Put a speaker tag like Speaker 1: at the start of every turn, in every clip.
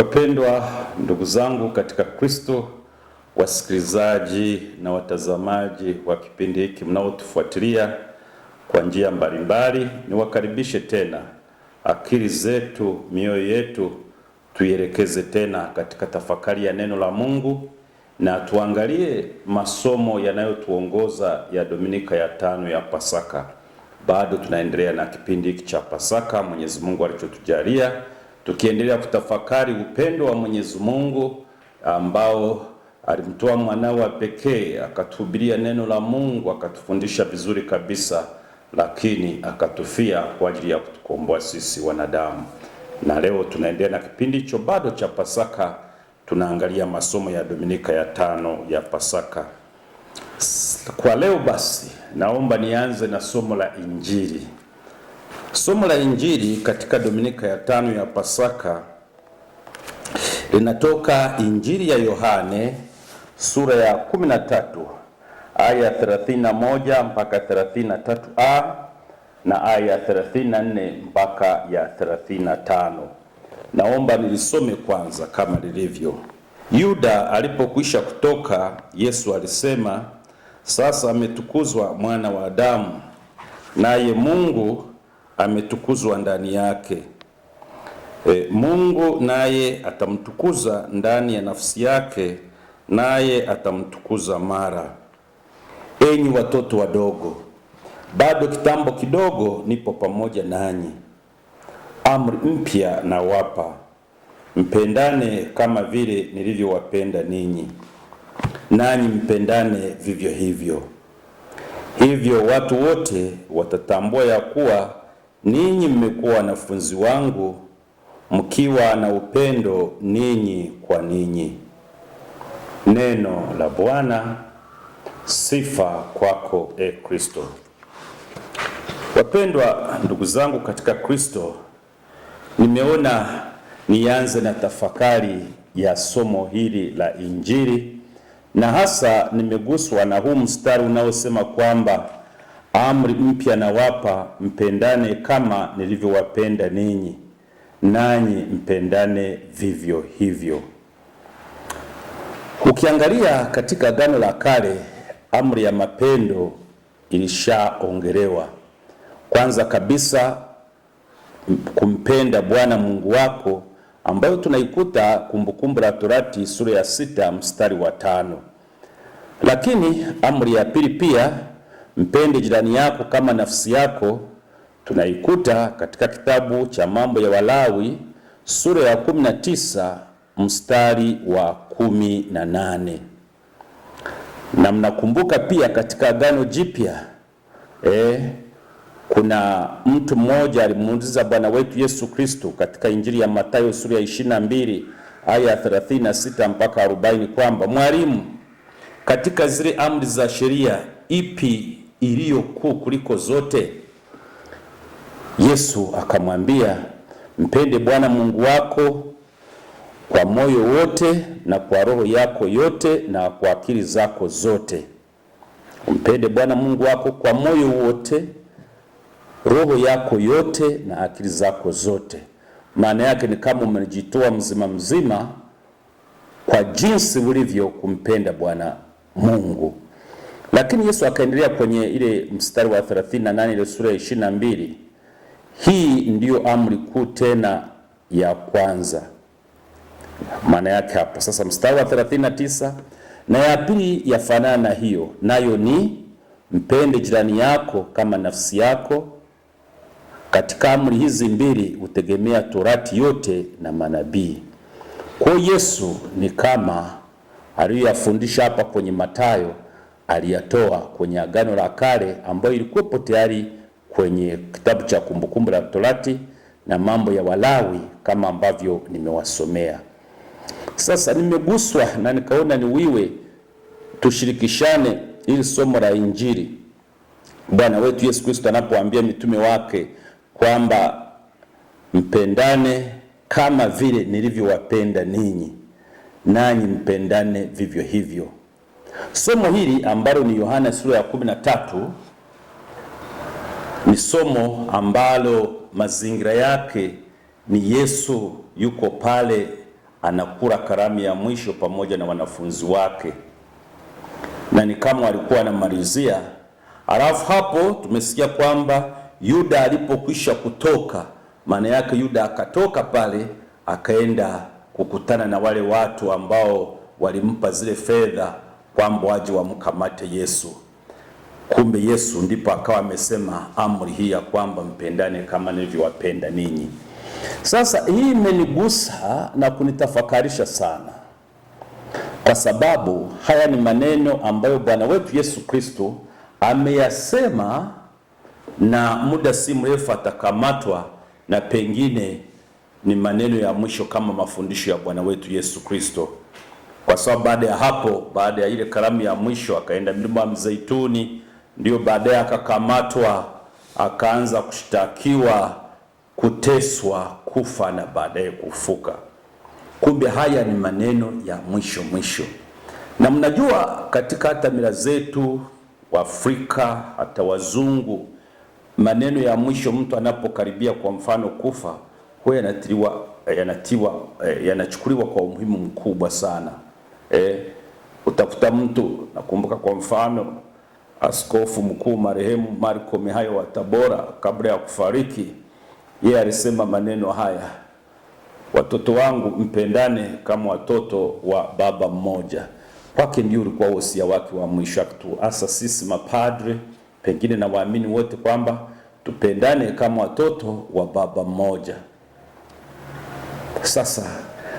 Speaker 1: Wapendwa ndugu zangu katika Kristo, wasikilizaji na watazamaji wa kipindi hiki mnaotufuatilia kwa njia mbalimbali, niwakaribishe tena. Akili zetu, mioyo yetu tuielekeze tena katika tafakari ya neno la Mungu na tuangalie masomo yanayotuongoza ya Dominika ya tano ya Pasaka. Bado tunaendelea na kipindi hiki cha Pasaka, Mwenyezi Mungu alichotujalia tukiendelea kutafakari upendo wa Mwenyezi Mungu ambao alimtoa mwanawe pekee akatuhubiria neno la Mungu akatufundisha vizuri kabisa, lakini akatufia kwa ajili ya kutukomboa sisi wanadamu. Na leo tunaendelea na kipindi hicho bado cha Pasaka, tunaangalia masomo ya Dominika ya tano ya Pasaka. Kwa leo basi, naomba nianze na somo la Injili Somo la Injili katika Dominika ya tano ya Pasaka linatoka Injili ya Yohane sura ya 13 aya 31 mpaka 33a na aya 34 mpaka ya 35. Naomba nilisome kwanza kama lilivyo. Yuda alipokwisha kutoka, Yesu alisema, sasa ametukuzwa mwana wa Adamu, naye Mungu ametukuzwa ndani yake. E, Mungu naye atamtukuza ndani ya nafsi yake, naye atamtukuza mara. Enyi watoto wadogo, bado kitambo kidogo nipo pamoja nanyi. Amri mpya nawapa, mpendane kama vile nilivyowapenda ninyi, nanyi mpendane vivyo hivyo. Hivyo watu wote watatambua ya kuwa Ninyi mmekuwa wanafunzi wangu mkiwa na upendo ninyi kwa ninyi. Neno la Bwana. Sifa kwako e Kristo. Wapendwa ndugu zangu katika Kristo, nimeona nianze na tafakari ya somo hili la Injili, na hasa nimeguswa na huu mstari unaosema kwamba Amri mpya nawapa, mpendane kama nilivyowapenda ninyi, nanyi mpendane vivyo hivyo. Ukiangalia katika Agano la Kale, amri ya mapendo ilishaongelewa. Kwanza kabisa kumpenda Bwana Mungu wako, ambayo tunaikuta Kumbukumbu la Torati sura ya sita mstari wa tano. Lakini amri ya pili pia Mpende jirani yako kama nafsi yako, tunaikuta katika kitabu cha Mambo ya Walawi sura ya 19 mstari wa 18. Na mnakumbuka pia katika Agano Jipya eh, kuna mtu mmoja alimuuliza Bwana wetu Yesu Kristo katika Injili ya Mathayo sura ya 22 aya 36 mpaka 40 kwamba, Mwalimu, katika zile amri za sheria ipi iliyo kuu kuliko zote? Yesu akamwambia, mpende Bwana Mungu wako kwa moyo wote na kwa roho yako yote na kwa akili zako zote. mpende Bwana Mungu wako kwa moyo wote, roho yako yote na akili zako zote. Maana yake ni kama umejitoa mzima mzima kwa jinsi ulivyo kumpenda Bwana Mungu. Lakini Yesu akaendelea kwenye ile mstari wa 38 ile sura ya 22. Hii ndiyo amri kuu tena ya kwanza. Maana yake hapa sasa mstari wa 39 na ya pili yafanana na hiyo, nayo ni mpende jirani yako kama nafsi yako. Katika amri hizi mbili hutegemea torati yote na manabii. Kwa Yesu ni kama aliyoyafundisha hapa kwenye Mathayo aliyatoa kwenye Agano la Kale ambayo ilikuwepo tayari kwenye kitabu cha Kumbukumbu la Torati na mambo ya Walawi kama ambavyo nimewasomea. Sasa nimeguswa na nikaona niwiwe tushirikishane ili somo la Injili. Bwana wetu Yesu Kristo anapoambia mitume wake kwamba mpendane kama vile nilivyowapenda ninyi, nanyi mpendane vivyo hivyo. Somo hili ambalo ni Yohana sura ya 13 ni somo ambalo mazingira yake ni Yesu yuko pale anakula karamu ya mwisho pamoja na wanafunzi wake, na ni kama alikuwa anamalizia. Alafu hapo tumesikia kwamba Yuda alipokwisha kutoka, maana yake Yuda akatoka pale akaenda kukutana na wale watu ambao walimpa zile fedha kwamba waje wamkamate Yesu. Kumbe Yesu ndipo akawa amesema amri hii ya kwamba mpendane kama nilivyowapenda ninyi. Sasa hii imenigusa na kunitafakarisha sana, kwa sababu haya ni maneno ambayo Bwana wetu Yesu Kristo ameyasema, na muda si mrefu atakamatwa, na pengine ni maneno ya mwisho kama mafundisho ya Bwana wetu Yesu Kristo kwa sababu baada ya hapo, baada ya ile karamu ya mwisho akaenda mlima ya Mzeituni, ndio baadaye akakamatwa, akaanza kushtakiwa, kuteswa, kufa na baadaye kufuka. Kumbe haya ni maneno ya mwisho mwisho, na mnajua katika hata mila zetu Waafrika hata wazungu, maneno ya mwisho mtu anapokaribia kwa mfano kufa, huwa yanatiwa eh, yanachukuliwa kwa umuhimu mkubwa sana eh, utakuta mtu nakumbuka kwa mfano askofu mkuu marehemu Marco Mihayo wa Tabora kabla ya kufariki, yeye alisema maneno haya, watoto wangu mpendane kama watoto wa baba mmoja. Kwake ndio ulikuwa wosia wake wa mwisho, akituasa sisi mapadre pengine na waamini wote kwamba tupendane kama watoto wa baba mmoja. Sasa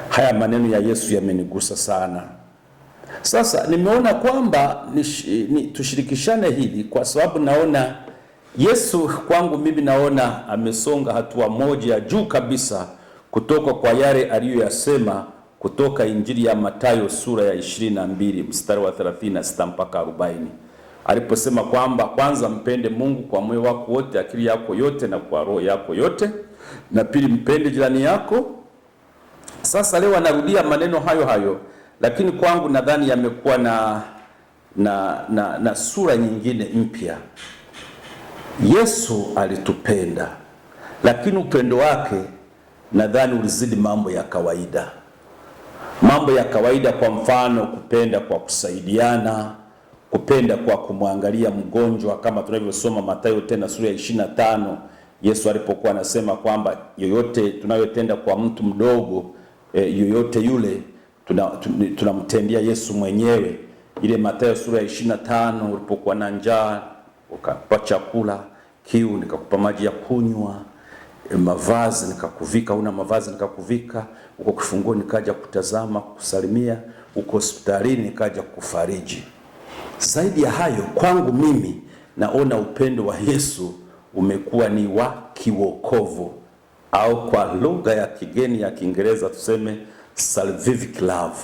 Speaker 1: haya maneno ya Yesu yamenigusa sana. Sasa nimeona kwamba nish, ni, tushirikishane hili kwa sababu naona Yesu kwangu mimi naona amesonga hatua moja juu kabisa kutoka kwa yale aliyoyasema kutoka Injili ya Mathayo sura ya 22 mstari wa 36 mpaka 40 aliposema kwamba kwanza mpende Mungu kwa moyo wako wote, akili yako yote na kwa roho yako yote, na pili mpende jirani yako. Sasa leo anarudia maneno hayo hayo lakini kwangu nadhani yamekuwa na, na, na, na sura nyingine mpya. Yesu alitupenda, lakini upendo wake nadhani ulizidi mambo ya kawaida. Mambo ya kawaida, kwa mfano, kupenda kwa kusaidiana, kupenda kwa kumwangalia mgonjwa, kama tunavyosoma Mathayo tena sura ya 25 Yesu alipokuwa anasema kwamba yoyote tunayotenda kwa mtu mdogo e, yoyote yule tunamtendea tuna Yesu mwenyewe. Ile Mathayo sura ya 25, ulipokuwa na njaa ukakupa chakula, kiu nikakupa maji ya kunywa, eh, mavazi nikakuvika, una mavazi nikakuvika, uko kifunguo nikaja kutazama kusalimia uko hospitalini nikaja kufariji Zaidi ya hayo, kwangu mimi naona upendo wa Yesu umekuwa ni wa kiwokovu, au kwa lugha ya kigeni ya Kiingereza tuseme salvific love.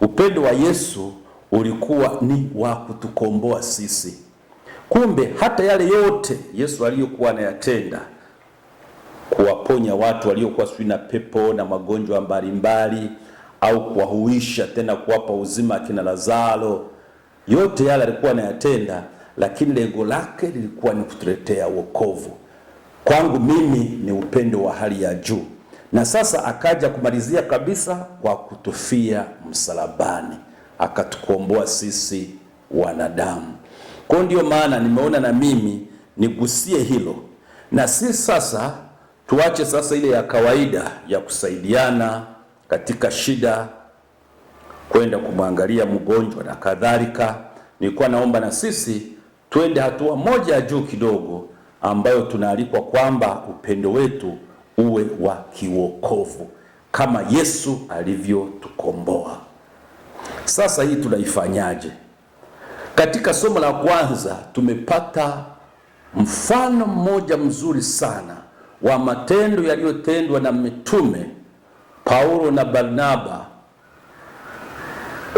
Speaker 1: Upendo wa Yesu ulikuwa ni wa kutukomboa sisi. Kumbe hata yale yote Yesu aliyokuwa anayatenda kuwaponya watu waliokuwa sijui na pepo na magonjwa mbalimbali, au kuwahuisha tena kuwapa uzima akina Lazaro, yote yale alikuwa anayatenda, lakini lengo lake lilikuwa ni kutuletea wokovu. Kwangu mimi ni upendo wa hali ya juu na sasa akaja kumalizia kabisa kwa kutufia msalabani, akatukomboa sisi wanadamu. Kwa ndiyo maana nimeona na mimi nigusie hilo, na sisi sasa tuache sasa ile ya kawaida ya kusaidiana katika shida, kwenda kumwangalia mgonjwa na kadhalika. Nilikuwa naomba na sisi twende hatua moja ya juu kidogo, ambayo tunaalikwa kwamba upendo wetu uwe wa kiwokovu kama Yesu alivyotukomboa. Sasa hii tunaifanyaje? Katika somo la kwanza tumepata mfano mmoja mzuri sana wa matendo yaliyotendwa na mitume Paulo na Barnaba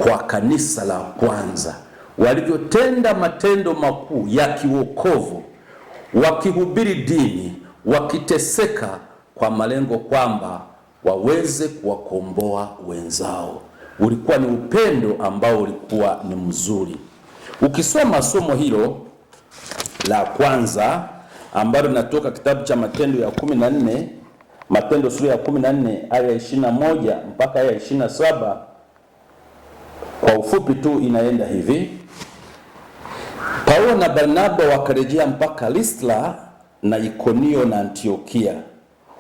Speaker 1: kwa kanisa la kwanza, walivyotenda matendo makuu ya kiwokovu, wakihubiri dini, wakiteseka kwa malengo kwamba waweze kuwakomboa wenzao. Ulikuwa ni upendo ambao ulikuwa ni mzuri. Ukisoma somo hilo la kwanza ambalo linatoka kitabu cha Matendo ya 14, Matendo sura ya 14 aya ya 21 mpaka aya ya 27, kwa ufupi tu inaenda hivi: Paulo na Barnaba wakarejea mpaka Listra na Ikonio na Antiokia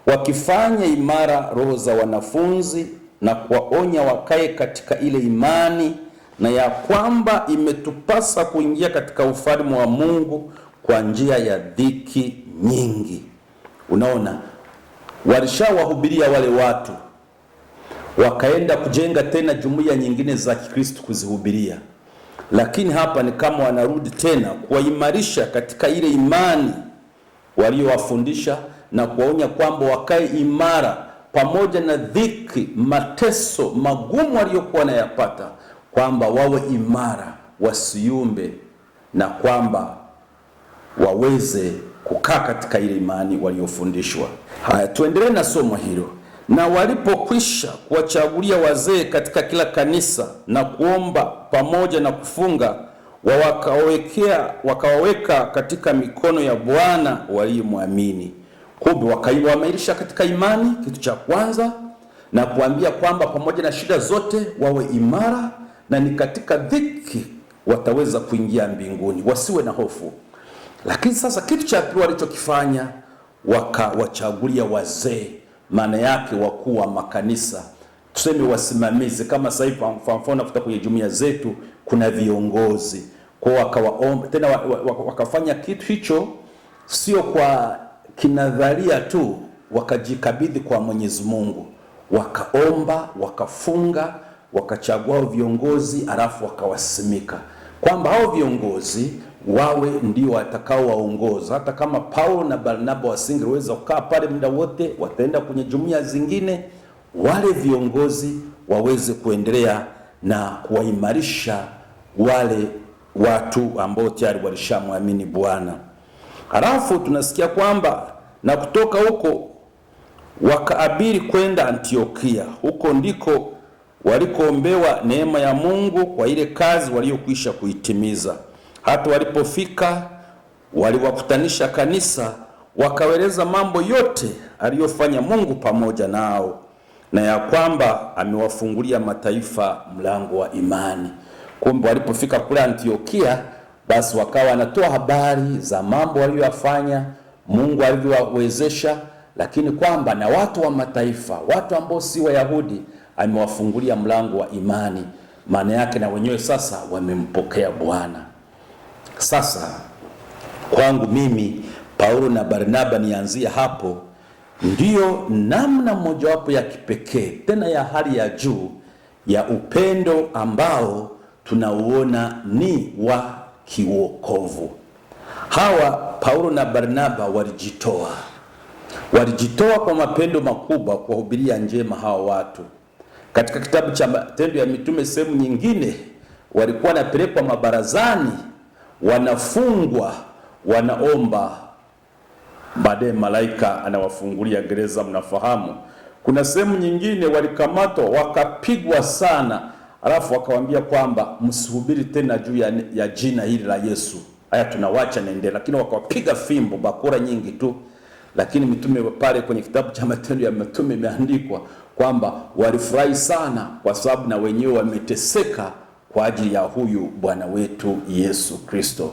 Speaker 1: wakifanya imara roho za wanafunzi na kuwaonya wakae katika ile imani na ya kwamba imetupasa kuingia katika ufalme wa Mungu kwa njia ya dhiki nyingi. Unaona, walishawahubiria wale watu, wakaenda kujenga tena jumuiya nyingine za Kikristo kuzihubiria, lakini hapa ni kama wanarudi tena kuwaimarisha katika ile imani waliowafundisha na kuwaonya kwamba wakae imara pamoja na dhiki, mateso magumu aliyokuwa wanayapata, kwamba wawe imara, wasiyumbe, na kwamba waweze kukaa katika ile imani waliofundishwa. Haya, tuendelee na somo hilo. Na walipokwisha kuwachagulia wazee katika kila kanisa na kuomba pamoja na kufunga, wakawaweka katika mikono ya Bwana waliyemwamini. Kumbe wakaiwamairisha katika imani, kitu cha kwanza, na kuambia kwamba pamoja na shida zote wawe imara, na ni katika dhiki wataweza kuingia mbinguni, wasiwe na hofu. Lakini sasa kitu cha pili walichokifanya, wakawachagulia wazee, maana yake wakuu wa makanisa, tuseme wasimamizi. Kama sasa hivi kwa mfano kutoka kwenye jumuiya zetu kuna viongozi kwao, wakawaomba tena, wakafanya kitu hicho sio kwa kinadharia tu wakajikabidhi kwa Mwenyezi Mungu, wakaomba, wakafunga, wakachagua viongozi, alafu wakawasimika kwamba hao viongozi wawe ndio watakaowaongoza. Hata kama Paulo na Barnaba wasingeweza kukaa pale muda wote, wataenda kwenye jumuiya zingine, wale viongozi waweze kuendelea na kuwaimarisha wale watu ambao tayari walishamwamini Bwana. Halafu tunasikia kwamba na kutoka huko wakaabiri kwenda Antiokia. Huko ndiko walikoombewa neema ya Mungu kwa ile kazi waliyokwisha kuitimiza. Hata walipofika waliwakutanisha kanisa, wakaeleza mambo yote aliyofanya Mungu pamoja nao na ya kwamba amewafungulia mataifa mlango wa imani. Kumbe walipofika kule Antiokia basi wakawa wanatoa habari za mambo waliyoyafanya, Mungu alivyowawezesha, lakini kwamba na watu wa mataifa, watu ambao si Wayahudi, amewafungulia mlango wa imani. Maana yake na wenyewe sasa wamempokea Bwana. Sasa kwangu mimi Paulo na Barnaba, nianzie hapo, ndiyo namna mojawapo ya kipekee tena ya hali ya juu ya upendo ambao tunauona ni wa kiwokovu. Hawa Paulo na Barnaba walijitoa, walijitoa kwa mapendo makubwa kuwahubiria njema hawa watu. Katika kitabu cha Matendo ya Mitume sehemu nyingine, walikuwa wanapelekwa mabarazani, wanafungwa, wanaomba, baadaye malaika anawafungulia gereza. Mnafahamu, kuna sehemu nyingine walikamatwa wakapigwa sana alafu wakawambia kwamba msihubiri tena juu ya, ya jina hili la Yesu, haya tunawacha nende, lakini wakawapiga fimbo bakora nyingi tu. Lakini mitume pale kwenye kitabu cha Matendo ya Mitume imeandikwa kwamba walifurahi sana, kwa sababu na wenyewe wameteseka kwa ajili ya huyu Bwana wetu Yesu Kristo.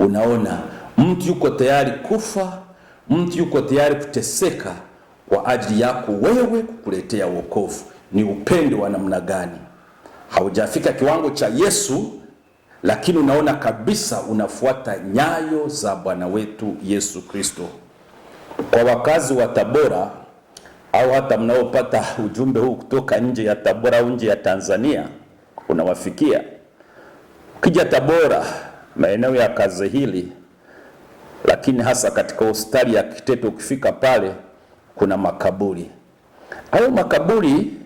Speaker 1: Unaona, mtu yuko tayari kufa, mtu yuko tayari kuteseka kwa ajili yako wewe, kukuletea wokovu. Ni upendo wa namna gani? haujafika kiwango cha Yesu, lakini unaona kabisa unafuata nyayo za Bwana wetu Yesu Kristo. Kwa wakazi wa Tabora au hata mnaopata ujumbe huu kutoka nje ya Tabora au nje ya Tanzania unawafikia. Ukija Tabora, maeneo ya kazi hili, lakini hasa katika hospitali ya Kiteto, ukifika pale kuna makaburi. Hayo makaburi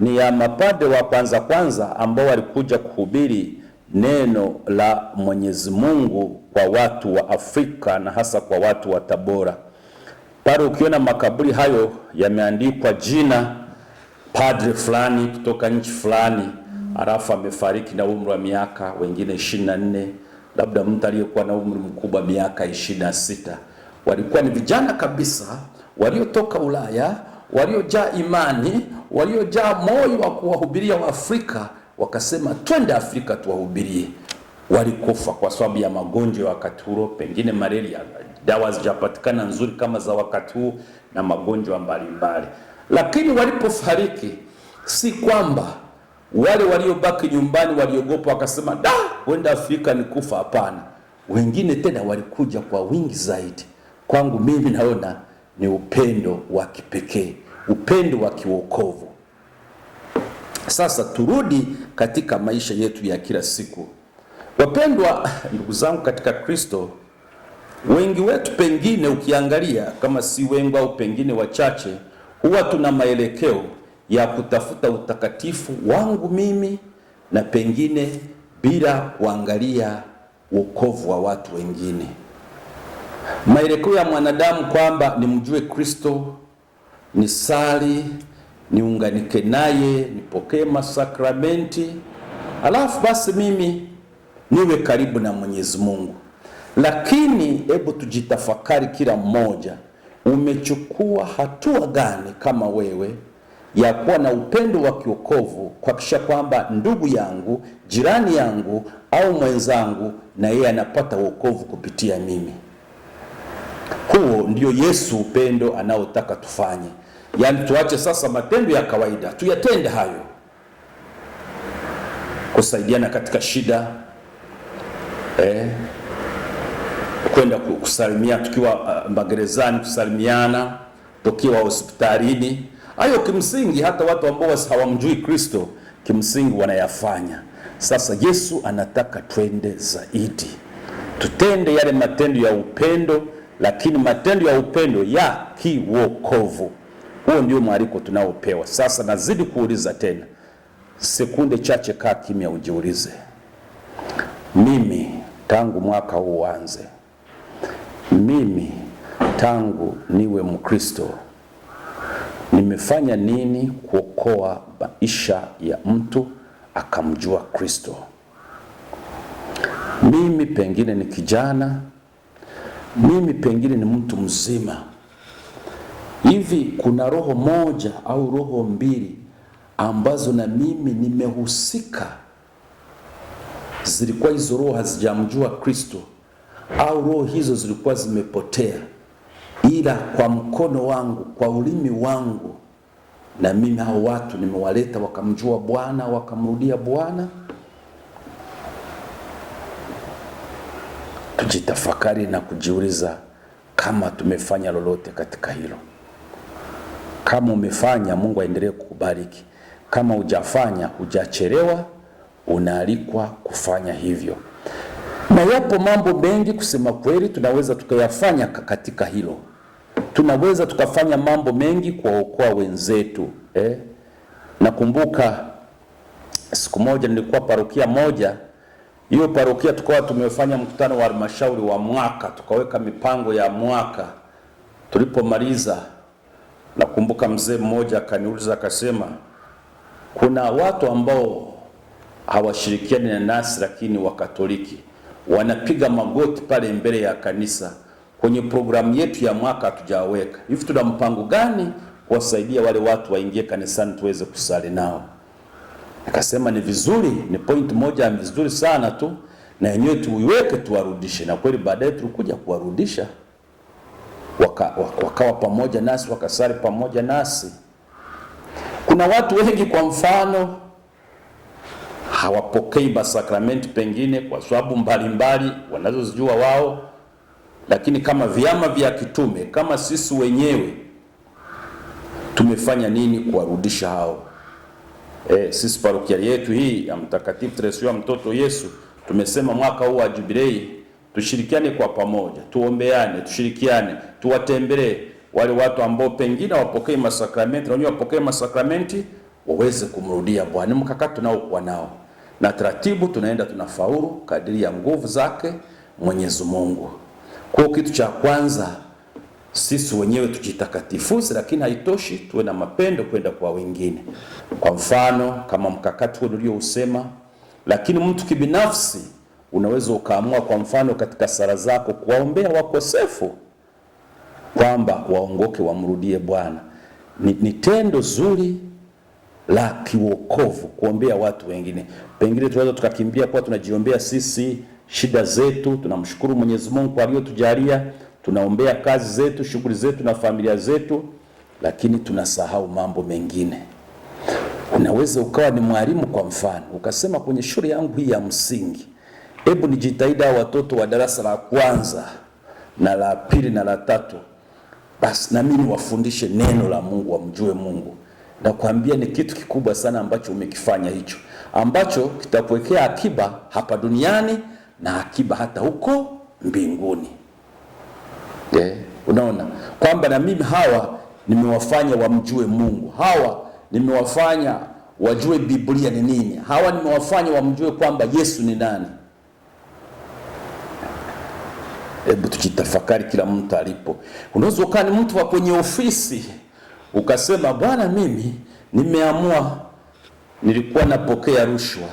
Speaker 1: ni ya mapade wa kwanza kwanza ambao walikuja kuhubiri neno la Mwenyezi Mungu kwa watu wa Afrika na hasa kwa watu wa Tabora. Pale ukiona makaburi hayo yameandikwa jina padre fulani kutoka nchi fulani, alafu amefariki na umri wa miaka wengine 24, labda mtu aliyekuwa na umri mkubwa miaka 26. Walikuwa ni vijana kabisa waliotoka Ulaya waliojaa imani, waliojaa moyo wa kuwahubiria Waafrika wakasema twende Afrika tuwahubirie. Walikufa kwa sababu ya magonjwa ya wakati huo, pengine malaria, dawa zijapatikana nzuri kama za wakati huu na magonjwa mbalimbali. Lakini walipofariki, si kwamba wale waliobaki nyumbani waliogopa wakasema da, kwenda Afrika ni kufa. Hapana, wengine tena walikuja kwa wingi zaidi. Kwangu mimi naona ni upendo wa kipekee, upendo wa kiwokovu. Sasa turudi katika maisha yetu ya kila siku, wapendwa ndugu zangu katika Kristo. Wengi wetu pengine, ukiangalia kama si wengi au pengine wachache, huwa tuna maelekeo ya kutafuta utakatifu wangu mimi na pengine bila kuangalia wokovu wa watu wengine. Maelekeo ya mwanadamu kwamba nimjue Kristo, nisali, niunganike naye, nipokee masakramenti, alafu basi mimi niwe karibu na Mwenyezi Mungu. Lakini hebu tujitafakari, kila mmoja umechukua hatua gani kama wewe ya kuwa na upendo wa kiokovu, kuhakikisha kwamba ndugu yangu, jirani yangu au mwenzangu na yeye anapata wokovu kupitia mimi. Huo ndio Yesu upendo anaotaka tufanye, yaani tuache sasa matendo ya kawaida, tuyatende hayo, kusaidiana katika shida eh, kwenda kusalimia tukiwa uh, magerezani, kusalimiana tukiwa hospitalini. Hayo kimsingi hata watu ambao hawamjui Kristo kimsingi wanayafanya. Sasa Yesu anataka twende zaidi, tutende yale matendo ya upendo lakini matendo ya upendo ya kiwokovu. Huo ndio mwaliko tunaopewa sasa. Nazidi kuuliza tena, sekunde chache, kaa kimya, ujiulize, mimi tangu mwaka huu uanze, mimi tangu niwe Mkristo nimefanya nini kuokoa maisha ya mtu akamjua Kristo? Mimi pengine ni kijana mimi pengine ni mtu mzima hivi, kuna roho moja au roho mbili ambazo na mimi nimehusika, zilikuwa hizo roho hazijamjua Kristo, au roho hizo zilikuwa zimepotea, ila kwa mkono wangu, kwa ulimi wangu, na mimi hao watu nimewaleta wakamjua Bwana, wakamrudia Bwana tujitafakari na kujiuliza kama tumefanya lolote katika hilo. Kama umefanya, Mungu aendelee kukubariki. Kama hujafanya, hujachelewa, unaalikwa kufanya hivyo. Na yapo mambo mengi kusema kweli, tunaweza tukayafanya katika hilo. Tunaweza tukafanya mambo mengi kuwaokoa wenzetu eh? Nakumbuka siku moja nilikuwa parokia moja hiyo parokia tukawa tumefanya mkutano wa halmashauri wa mwaka, tukaweka mipango ya mwaka. Tulipomaliza nakumbuka mzee mmoja akaniuliza akasema, kuna watu ambao hawashirikiani na nasi lakini Wakatoliki wanapiga magoti pale mbele ya kanisa, kwenye programu yetu ya mwaka hatujaweka hivi. Tuna mpango gani kuwasaidia wale watu waingie kanisani tuweze kusali nao? Akasema ni vizuri, ni point moja vizuri sana tu, na yenyewe tuiweke tuwarudishe. Na kweli baadaye tulikuja kuwarudisha, waka, wakawa pamoja nasi, wakasali pamoja nasi. Kuna watu wengi, kwa mfano, hawapokei basakramenti pengine kwa sababu mbalimbali wanazozijua wao, lakini kama vyama vya kitume kama sisi wenyewe tumefanya nini kuwarudisha hao? E, sisi parokia yetu hii ya Mtakatifu Teresa mtoto Yesu tumesema mwaka huu wa jubilei tushirikiane kwa pamoja, tuombeane, tushirikiane, tuwatembelee wale watu ambao pengine wapokee masakramenti, na wapokee masakramenti waweze kumrudia Bwana. Mkakati tunaokuwa nao na taratibu, tunaenda tunafaulu kadiri ya nguvu zake Mwenyezi Mungu. Kwa kitu cha kwanza sisi wenyewe tujitakatifuze, lakini haitoshi, tuwe na mapendo kwenda kwa wengine. Kwa mfano kama mkakati huo uliousema, lakini mtu kibinafsi unaweza ukaamua, kwa mfano katika sala zako kuwaombea wakosefu kwamba waongoke wamrudie Bwana. Ni, ni tendo zuri la kiwokovu kuombea watu wengine. Pengine tunaweza tukakimbia kwa tunajiombea sisi shida zetu, tunamshukuru Mwenyezi Mungu kwa aliyotujalia tunaombea kazi zetu, shughuli zetu na familia zetu, lakini tunasahau mambo mengine. Unaweza ukawa ni mwalimu kwa mfano, ukasema kwenye shule yangu hii ya msingi, hebu nijitahidi hao watoto wa darasa la kwanza na la pili na la tatu, basi na mimi wafundishe neno la Mungu, wamjue Mungu. Nakwambia ni kitu kikubwa sana ambacho umekifanya hicho, ambacho kitakuwekea akiba hapa duniani na akiba hata huko mbinguni yeah. Unaona kwamba na mimi hawa nimewafanya wamjue Mungu, hawa nimewafanya wajue Biblia ni nini, hawa nimewafanya wamjue kwamba Yesu ni nani. Hebu tujitafakari kila mtu alipo. Unaweza ukaa ni mtu wa kwenye ofisi ukasema, bwana, mimi nimeamua, nilikuwa napokea rushwa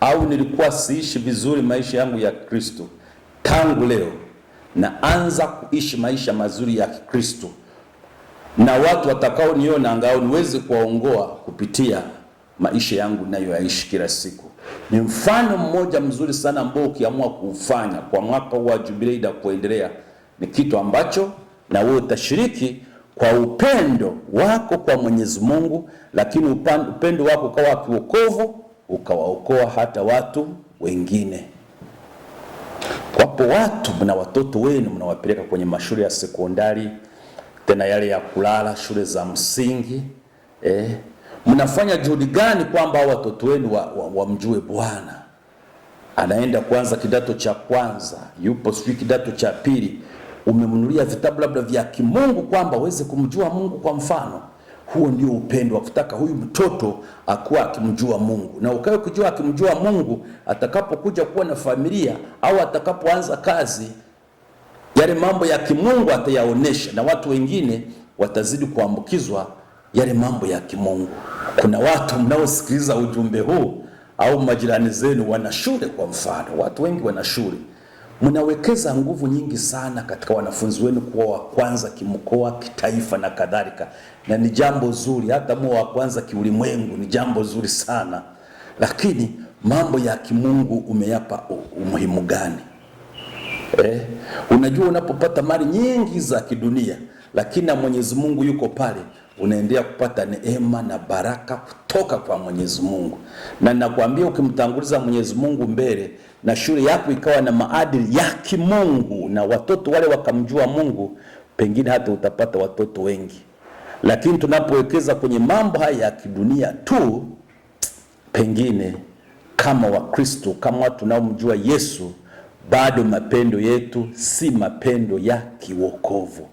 Speaker 1: au nilikuwa siishi vizuri maisha yangu ya Kristo, tangu leo na anza kuishi maisha mazuri ya Kikristo, na watu watakaoniona angao niweze kuwaongoa kupitia maisha yangu nayoyaishi kila siku. Ni mfano mmoja mzuri sana ambao ukiamua kuufanya kwa mwaka wa jubilei na kuendelea, ni kitu ambacho na wewe utashiriki kwa upendo wako kwa Mwenyezi Mungu, lakini upendo wako ukawa wokovu, ukawaokoa hata watu wengine. Wapo watu mna watoto wenu mnawapeleka kwenye mashule ya sekondari, tena yale ya kulala, shule za msingi eh. Mnafanya juhudi gani kwamba watoto wenu wamjue wa, wa Bwana? Anaenda kwanza kidato cha kwanza, yupo sijui kidato cha pili, umemnunulia vitabu labda vya kimungu kwamba uweze kumjua Mungu kwa mfano huo ndio upendo wa kutaka huyu mtoto akuwa akimjua Mungu, na ukawe kujua akimjua Mungu, atakapokuja kuwa na familia au atakapoanza kazi, yale mambo ya kimungu atayaonesha, na watu wengine watazidi kuambukizwa yale mambo ya kimungu. Kuna watu mnaosikiliza ujumbe huu au majirani zenu wana shule, kwa mfano, watu wengi wana shule mnawekeza nguvu nyingi sana katika wanafunzi wenu kuwa wa kwanza kimkoa, kitaifa na kadhalika, na ni jambo zuri, hata mwa wa kwanza kiulimwengu, ni jambo zuri sana, lakini mambo ya kimungu umeyapa umuhimu gani? Eh, unajua unapopata mali nyingi za kidunia, lakini na Mwenyezi Mungu yuko pale, unaendelea kupata neema na baraka kutoka kwa Mwenyezi Mungu, na nakwambia ukimtanguliza Mwenyezi Mungu mbele na shule yako ikawa na maadili ya kimungu na watoto wale wakamjua Mungu, pengine hata utapata watoto wengi. Lakini tunapowekeza kwenye mambo haya ya kidunia tu, pengine kama Wakristo, kama watu tunaomjua Yesu, bado mapendo yetu si mapendo ya kiwokovu.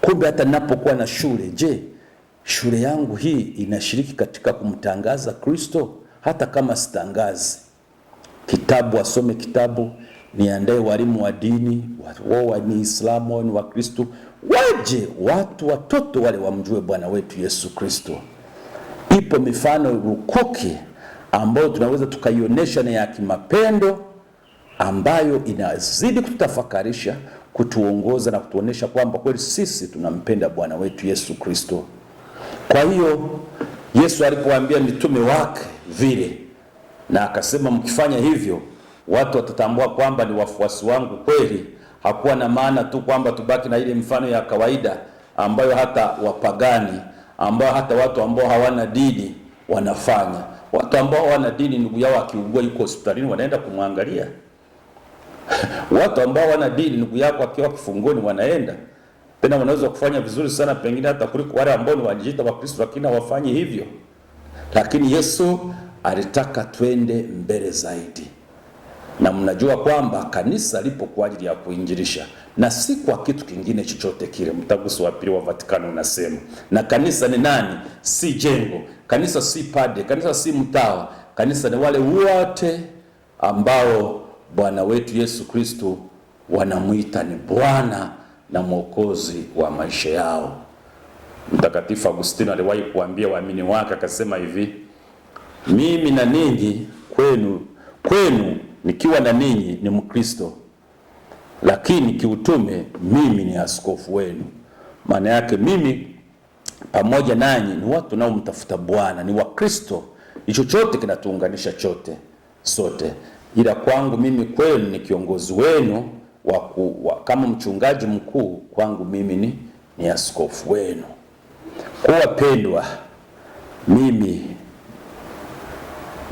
Speaker 1: Kumbe hata ninapokuwa na shule, je, shule yangu hii inashiriki katika kumtangaza Kristo hata kama sitangazi kitabu, wasome kitabu, niandae walimu wa dini, wao wa ni Islamu wao ni Wakristo, waje watu watoto wale wamjue Bwana wetu Yesu Kristo. Ipo mifano rukuki ambayo tunaweza tukaionyesha na ya kimapendo ambayo inazidi kututafakarisha, kutuongoza na kutuonesha kwamba kweli sisi tunampenda Bwana wetu Yesu Kristo. Kwa hiyo Yesu alipowaambia mitume wake vile na akasema, mkifanya hivyo watu watatambua kwamba ni wafuasi wangu kweli. Hakuwa na maana tu kwamba tubaki na ile mfano ya kawaida ambayo hata wapagani ambao hata watu ambao hawana dini wanafanya. Watu ambao hawana dini, ndugu yao akiugua yuko hospitalini, wanaenda kumwangalia. Watu ambao hawana dini, ndugu yako akiwa kifungoni, wanaenda tena, wanaweza kufanya vizuri sana, pengine hata kuliko wale ambao ni wajiita Wakristo, lakini hawafanyi hivyo. Lakini Yesu alitaka twende mbele zaidi, na mnajua kwamba kanisa lipo kwa ajili ya kuinjilisha na si kwa kitu kingine chochote kile. Mtaguso wa pili wa Vatikano unasema, na kanisa ni nani? Si jengo, kanisa si pade, kanisa si mtawa, kanisa ni wale wote ambao Bwana wetu Yesu Kristo wanamwita ni Bwana na Mwokozi wa maisha yao. Mtakatifu Agustino aliwahi kuambia waamini wake akasema hivi mimi na ninyi kwenu kwenu nikiwa na ninyi ni Mkristo, lakini kiutume mimi ni askofu wenu. Maana yake mimi pamoja nanyi ni watu mtafuta Bwana, ni Wakristo, Hicho chote kinatuunganisha chote sote, ila kwangu mimi kwenu ni kiongozi wenu wa, kama mchungaji mkuu kwangu mimi ni, ni askofu wenu. Kwa mimi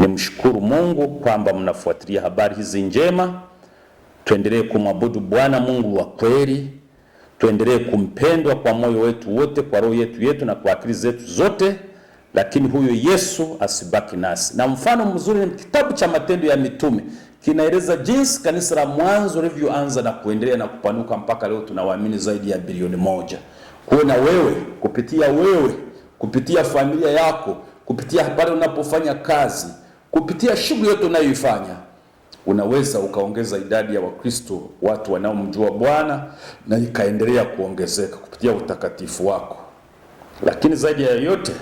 Speaker 1: Nimshukuru Mungu kwamba mnafuatilia habari hizi njema. Tuendelee kumwabudu Bwana Mungu wa kweli, tuendelee kumpendwa kwa moyo wetu wote, kwa roho yetu yetu na kwa akili zetu zote, lakini huyo Yesu asibaki nasi. Na mfano mzuri ni kitabu cha Matendo ya Mitume, kinaeleza jinsi kanisa la mwanzo lilivyoanza na kuendelea na kupanuka mpaka leo tunawaamini zaidi ya bilioni moja. Kuona wewe kupitia wewe kupitia familia yako kupitia pale unapofanya kazi Kupitia shughuli yote unayoifanya unaweza ukaongeza idadi ya Wakristo, watu wanaomjua Bwana, na ikaendelea kuongezeka kupitia utakatifu wako. Lakini zaidi ya yote,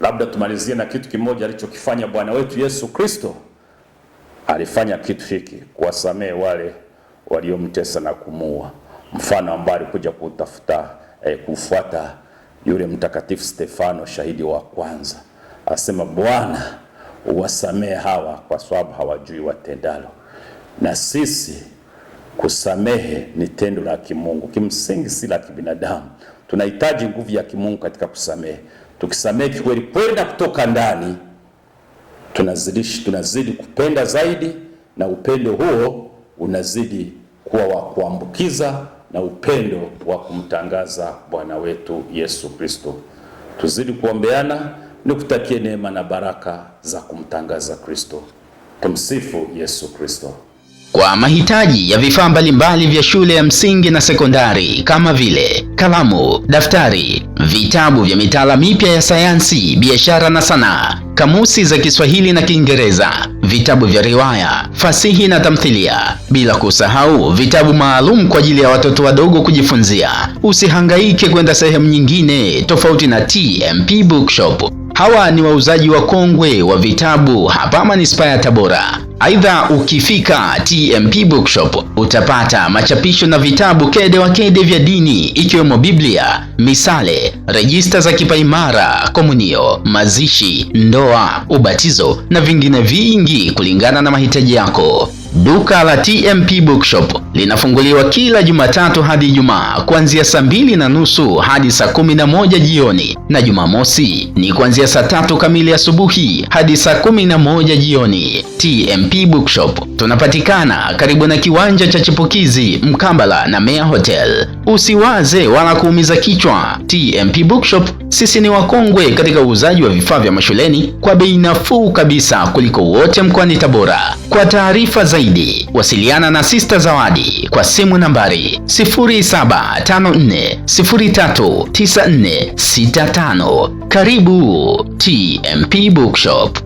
Speaker 1: labda tumalizie na kitu kimoja alichokifanya Bwana wetu Yesu Kristo. Alifanya kitu hiki, kuwasamehe wale waliomtesa na kumuua, mfano ambao alikuja kutafuta eh, kufuata yule mtakatifu Stefano, shahidi wa kwanza, asema Bwana uwasamehe hawa kwa sababu hawajui watendalo. Na sisi kusamehe ni tendo la kimungu, kimsingi si la kibinadamu. Tunahitaji nguvu ya kimungu katika kusamehe. Tukisamehe kweli kwenda kutoka ndani, tunazidi tunazidi kupenda zaidi, na upendo huo unazidi kuwa wa kuambukiza na upendo wa kumtangaza Bwana wetu Yesu Kristo. Tuzidi kuombeana Nikutakie neema na baraka za kumtangaza Kristo. Tumsifu Yesu Kristo.
Speaker 2: Kwa mahitaji ya vifaa mbalimbali vya shule ya msingi na sekondari kama vile kalamu, daftari, vitabu vya mitaala mipya ya sayansi, biashara na sanaa, kamusi za Kiswahili na Kiingereza, vitabu vya riwaya, fasihi na tamthilia, bila kusahau vitabu maalum kwa ajili ya watoto wadogo kujifunzia. Usihangaike kwenda sehemu nyingine tofauti na TMP Bookshop. Hawa ni wauzaji wakongwe wa vitabu hapa manispaa ya Tabora. Aidha, ukifika TMP Bookshop utapata machapisho na vitabu kede wa kede vya dini ikiwemo Biblia, misale, rejista za kipaimara, komunio, mazishi, ndoa, ubatizo na vingine vingi kulingana na mahitaji yako. Duka la TMP Bookshop linafunguliwa kila Jumatatu hadi Ijumaa kuanzia saa mbili na nusu hadi saa kumi na moja jioni na Jumamosi ni kuanzia saa tatu kamili asubuhi hadi saa kumi na moja jioni. TMP Bookshop tunapatikana karibu na kiwanja cha Chipukizi mkambala na Mea Hotel. Usiwaze wala kuumiza kichwa. TMP Bookshop sisi ni wakongwe katika uuzaji wa vifaa vya mashuleni kwa bei nafuu kabisa kuliko wote mkoani Tabora. Kwa taarifa zaidi, wasiliana na Sista Zawadi kwa simu nambari 0754039465. Karibu TMP Bookshop.